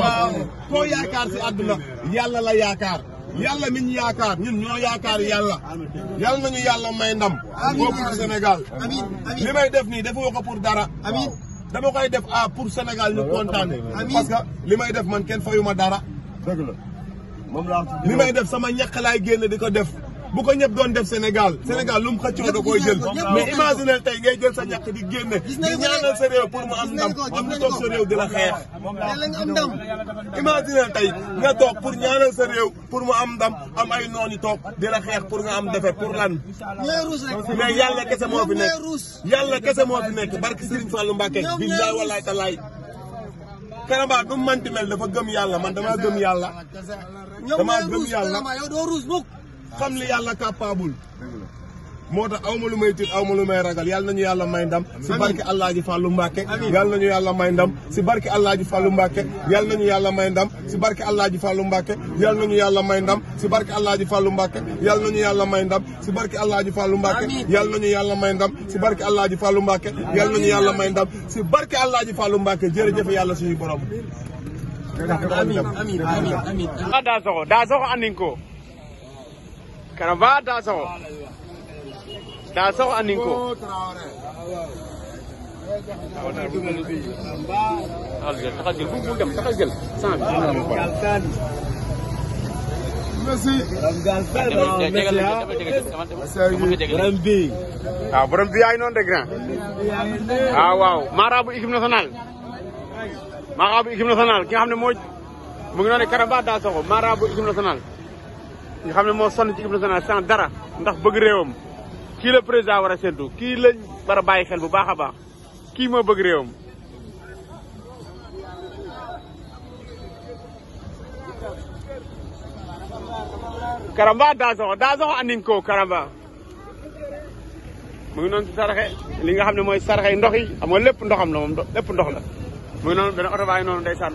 waaw koo yaakaar si àdduna yàlla la yaakaar yàlla mi ñu yaakaar ñun ñoo yaakaar yàlla yàlla nañu yàlla may ndam boobu ci Sénégal li may def nii defoo ko pour dara dama koy def ah pour Sénégal ñu kontaan parce que li may def man kenn fayu ma dara dëgg la moom laa li may def sama ñaq laay génn di ko def bu ko ñëpp doon def Sénégal Sénégal lu mu xëccoo da koy jël mais tey ngay jël sa ñàkk di génne di ñaanal sa réew mu am ndam am na toog sa réew di la pour ñaanal sa réew pour ay noon toog di la xeex pour nga am defet pour lan mais yàlla kese moo fi nekk yàlla kese moo fi nekk barki Serigne Fallou Mbacké billaay wallaay talaay Karamba du manti mel dafa gëm yàlla man damaa gëm yàlla damaa gëm yàlla xam li yàlla capable moo tax aw ma lu may tiit aw ma lu may ragal yàlla nañu yàlla may ndam si barke Alaaji Fàllu Mbàkke yàlla nañu yàlla may ndam si barke Alaaji Fàllu Mbàkke yàlla nañu yàlla may ndam si barke Alaaji Fàllu Mbàkke yàlla nañu yàlla may ndam si barke Alaaji Fàllu Mbàkke yàlla nañu yàlla may ndam si barke Alaaji Fàllu Mbàkke yàlla nañu yàlla may ndam si barke Alaaji Fàllu Mbàkke yàlla nañu yàlla may ndam si barke Alaaji Fàllu Mbàkke jërëjëf yàlla suñu borom amiin amiin amiin ah, daa soxo daa soxo andin ko kana va ta soxo ta soxo anin ko taxal jël taxal jël bu dem taxal jël sans bi waaw borom bi yaay noonu de grand waaw waaw maaraabu équipe nationale maaraabu équipe nationale ki nga xam ne moo mu ngi noonu Karamba daa soxo maaraabu équipe nationale nga xam ne moo sonn ci équipe nationale sans dara ndax bëgg réewam kii la président war a séntu kii la war a bàyyi xel bu baax a baax kii moo bëgg réewam. Karamba Dazoxo Dazoxo andi ko Karamba mu ngi noonu ci saraxe li nga xam ne mooy saraxe ndox yi amoo lépp ndoxam la moom lépp ndox la mu ngi noonu benn oto baa ngi noonu ndeysaan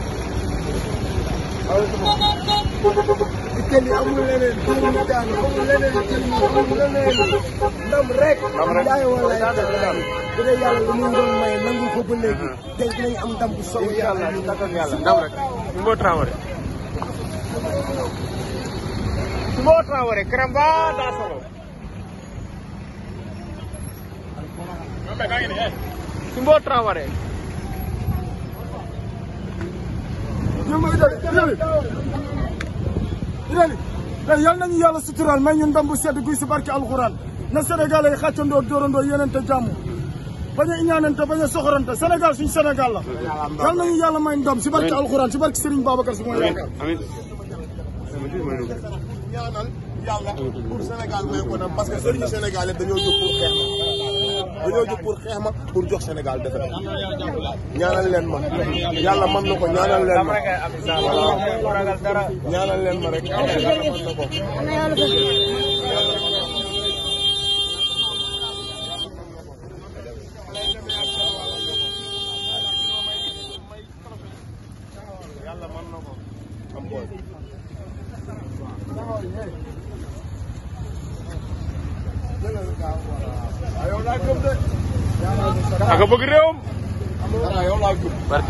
kenn amul leneen kenn mu daanu amul leneen ñu ngi bëgg a dégg yal nañu yàlla suturaal may ñu ndam bu sedd guy si barke alxuraan na Sénégalais yi xàccandoo dóorandoo yéenante jàmm bañ a ñaanante bañ a soxorante Sénégal suñu Sénégal la yal nañu yàlla may ndam si barke alxuraan si barke Serigne Babacar si mooy yaakaar ñaanal yàlla pour Sénégal may ko parce que Serigne Sénégal yëpp dañoo dañoo jóg pour xeex ma pour jox Sénégal defar ñaanal leen ma yàlla mën na ko ñaanal leen ma ñaanal leen ma rek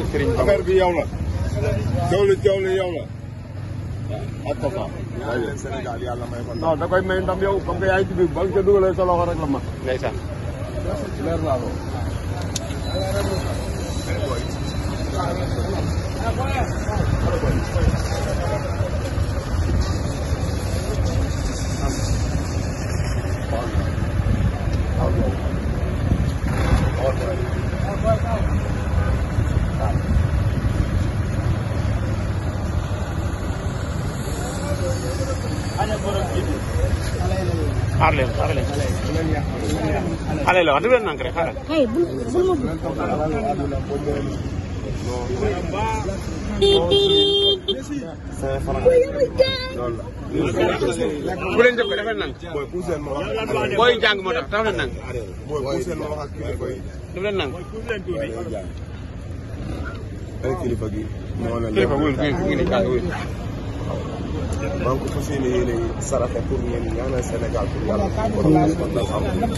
barke Serigne Ba affaire la. coow li coow la. waaw ak Papa. waaye Sénégal yàlla may ko. non da sa xaar leen xaar leen xale la wax dëgg nank rek xaaral. hey bul bul ma bu oh leen jëfee dafa nank. booy jàng moo tax dafa leen nank. dafa leen nank. kilifa gi. kilifa wul gi ngi ni kàddu wul. maa ngi ko fas yéene yéene saraxe pour ngeen ñaanal Sénégal pour yàlla kon kon nag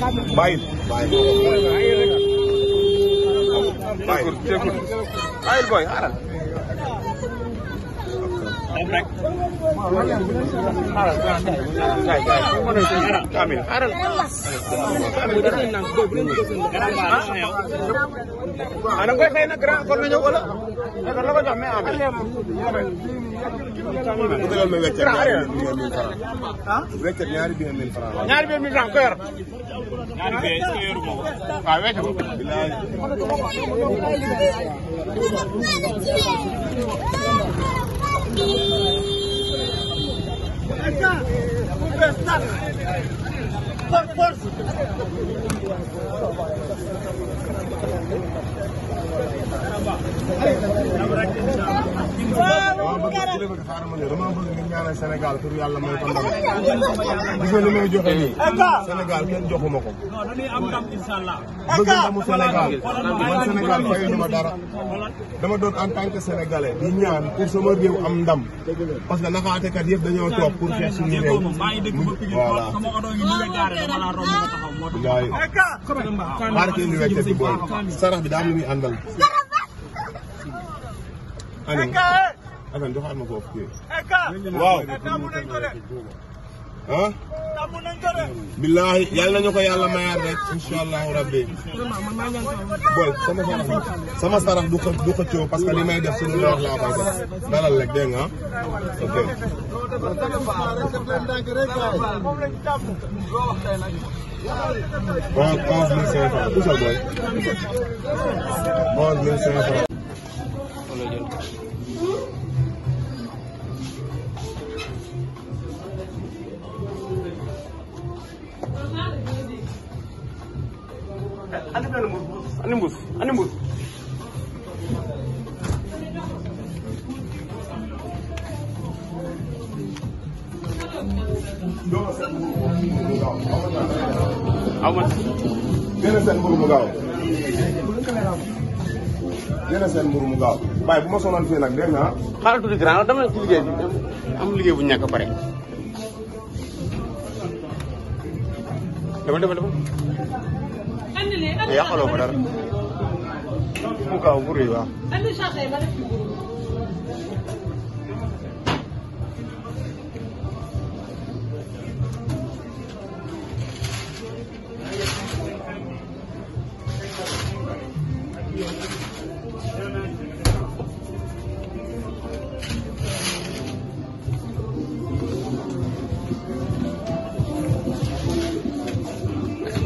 am bàyyil bàyyil bàyyil booy xaaral moom rek. xaaral koy na grand kon na ñëw wala. la ko jox mais Amir. weccet ñaari biir mille franc la. ñaari biir mille franc ko yor. ñaari biir ko yoru ma ko. waaw weccet ko. bilaay. Aca bu bees tàq par force. Waaw. bëgg dama yàlla may ko ndam gis ma ko bëgg ndamu doon an tant que sénégalais di ñaan pour sama réew am ndam parce que naxaatekat yëpp dañoo toog pour xeex suñu réew voilà waaye bi booy sarax bi Assane ah, billaahi yàlla nañu ko yàlla mayaat rek rabbi. booy sama sarax sama sarax du ko du ko que li def suñu sarax laa koy dalal rek dégg nga ok. onze onze mille cinq cent usal booy onze mille andi mbuus andi mbuus aw ma. gën a seen mburu mu gaaw. a seen mburu mu gaaw. bu ma sonal fii nag dégg nga ah. xaaral tuuti grand dama ci liggéey am liggéey bu ñu pare. dama dama te yàqaloo ko dara mu gaaw bu rëy waaw. Thank you.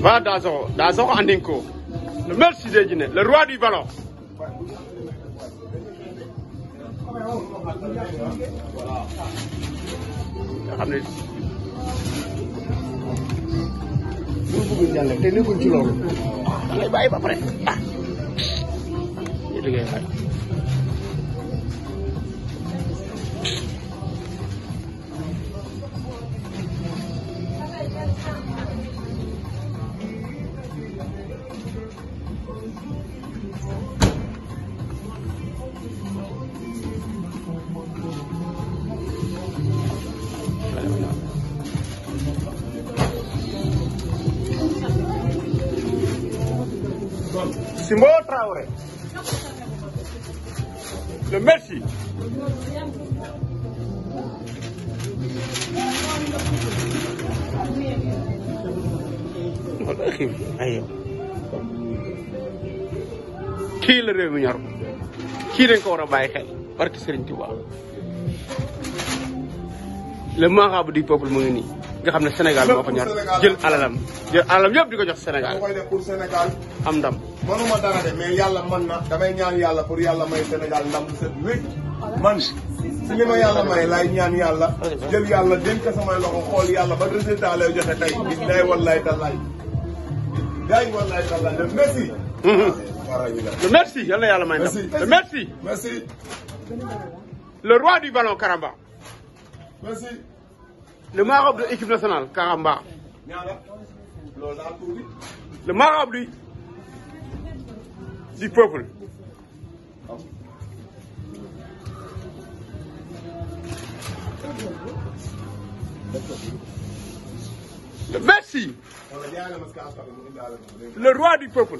Voilà Dansokho. Dansokho Andinko. Le maire Cissé Diné, le roi du ballon. nga xam ne. bu ñu bëgg jàll te nekkuñ ci loolu. da ngay bàyyi ba pare ah. Traoré. Le merci. kii la réew mi ñor kii dañ war a bàyyi xel barki Serigne Touba le marabout du peuple mu ngi nii nga xam ne Sénégal moo ko ñor jël alalam jël alalam yëpp di ko Sénégal am ndam. mënuma dara de mais yàlla man na damay ñaan yàlla pour yàlla may Sénégal ndam bu set wécc man si ma yàlla may laay ñaan yàlla jël yàlla dénk samay loxo xool yàlla ba résultat lay joxe tey di day wallaay tallaay day wallaay tallaay de merci merci yal yàlla may ndam merci merci le roi du ballon Karamba le marabout de du peuple. Merci. Le roi du peuple.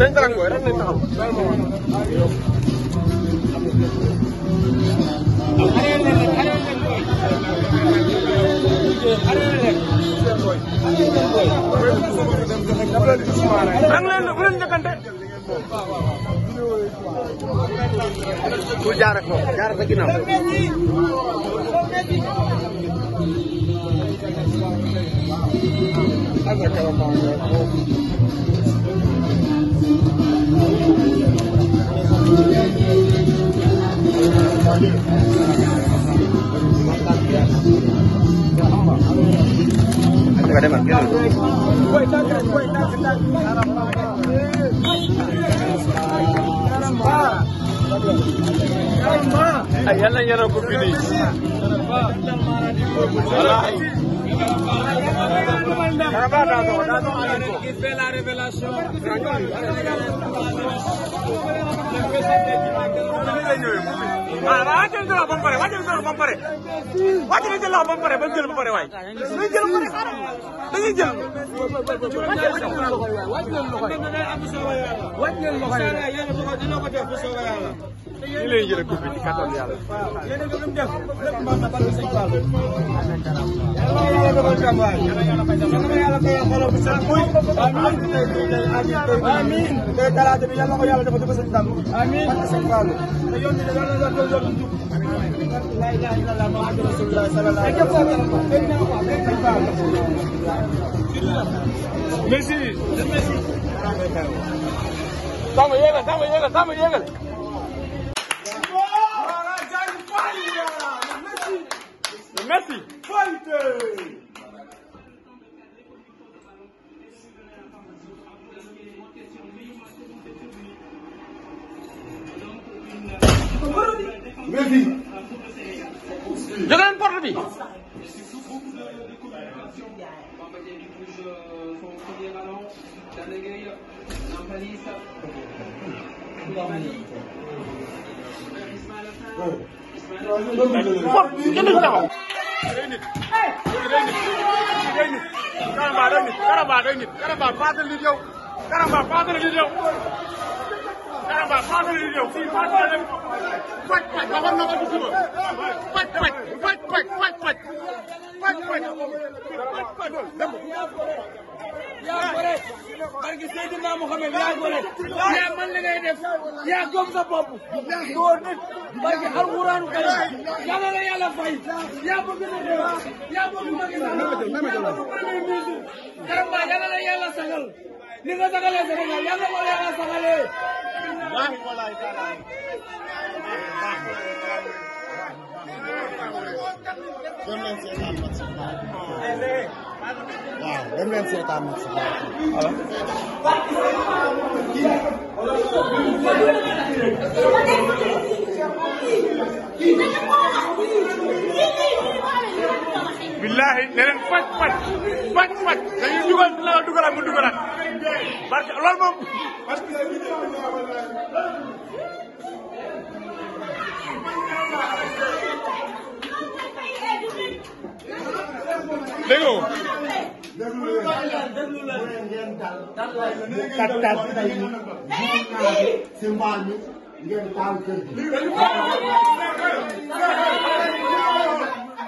dañ dara koy rek nañ taxaw rang leen bu leen njëkkante bu jaar ak moom jaar ak ginnaaw Thank you. yàlla yàlla ko fini wallaahi qui fait la révélation. waaw wàccal sa loxo ba mu pare wàccal sa loxo ba mu pare wàccal sa loxo ba mu pare ba jël ba pare waay dañuy jël ba pare dañuy jël. lii lay jëlee coupe bi ci kattan yàlla. yàlla na yàlla amiin tey talaata bi yal na ko yàlla dafa dafa sëñ Bamba amiin ak sëñ Fallu te yoon bi de yal na la doon yoon jub la ilaha illallah muhammadu rasulullah sallallahu alayhi wa sallam merci tama yégal tama yégal tama yégal Messi. Fighting! jóge leen porte bi. Karamba day nit Karamba day nit Karamba fàttali nit yow Karamba fàttali nit yow Karamba xaaral ñu ñëw fii fàcc na leen fàcc fàcc waxoon na ko du suba fàcc fàcc fàcc fàcc fàcc fàcc fàcc fàcc dem yaa gore barki Seydina Mouhamed yaa gore yaa man li ngay def yaa gëm sa bopp doo nit barki alquran karim yàlla la yàlla fay yaa bëgg na réew yaa bëgg Macky Sall yaa bëgg premier ministre Karamba yàlla la yàlla sagal ni nga sagalee Sénégal yàlla ko yàlla sagalee waaw dem leen seetaan match bi billahi ne leen faj faj faj faj dañuy dugal la dugalaat mu dugalaat parce que loolu moom. dégg nga. déglu la ngeen taal kër gi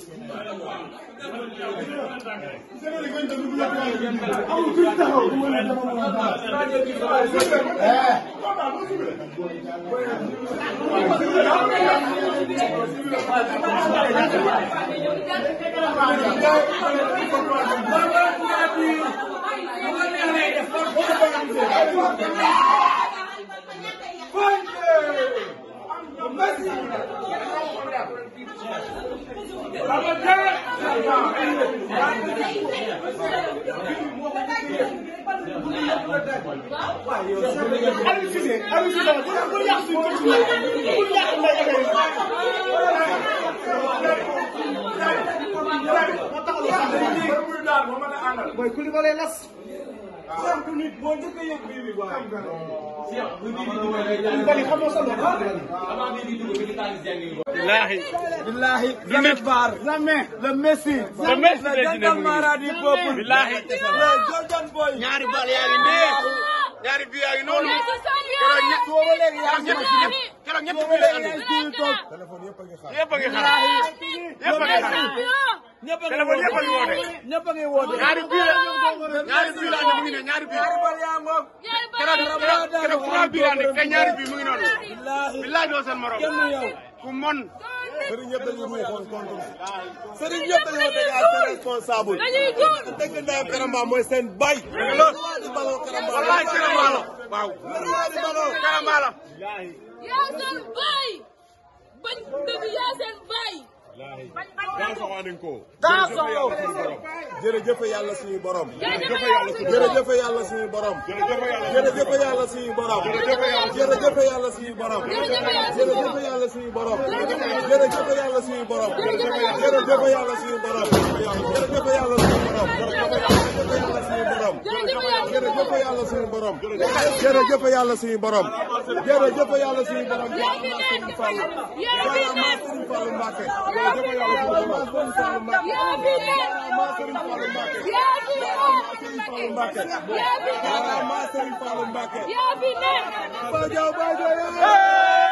Fuente! mooy Koulibaly Lass. waaw sant nit boo njëkk a yëg bii bi waaye. billahi billahi Lamine Bar Lamine le Messi le Messi le gentleman du peuple billahi le Jordan Boy ñaari bal yaa ngi nii ñaari bi yaa ngi noonu keroog ñëpp keroog ñëpp ñëpp a ngi woote ñëpp a ngi woote ñaari biir ñaari biir la mu ngi ne ñaari biir keroog trois biir la ne te ñaari biir mu ngi noonu billahi doo seen morom kenn yow ku mon sëriñ yëpp dañu ruuxoon contre sëriñ yëpp dañoo dégg ak seen responsable dégg ndayam Karamba mooy seen bay di baloo Karamba la Karamba la waaw di baloo Karamba la yaa seen bay bañ dëgg yaa seen bay dansons yow jërëjëf yàlla suñu borom. jërëjëf yàlla suñu borom jërëjëf yàlla suñu borom. jërëjëf yàlla suñu borom. jërëjëf yàlla suñu borom. jërëjëf yàlla suñu borom. jërëjëf yàlla suñu borom. jërëjëf yàlla suñu borom. jërëjëf yàlla suñu borom. jërëjëf yàlla suñu borom. jërëjëf yàlla suñu borom. jërëjëf yàlla suñu borom. yaa fi nekk yaa fi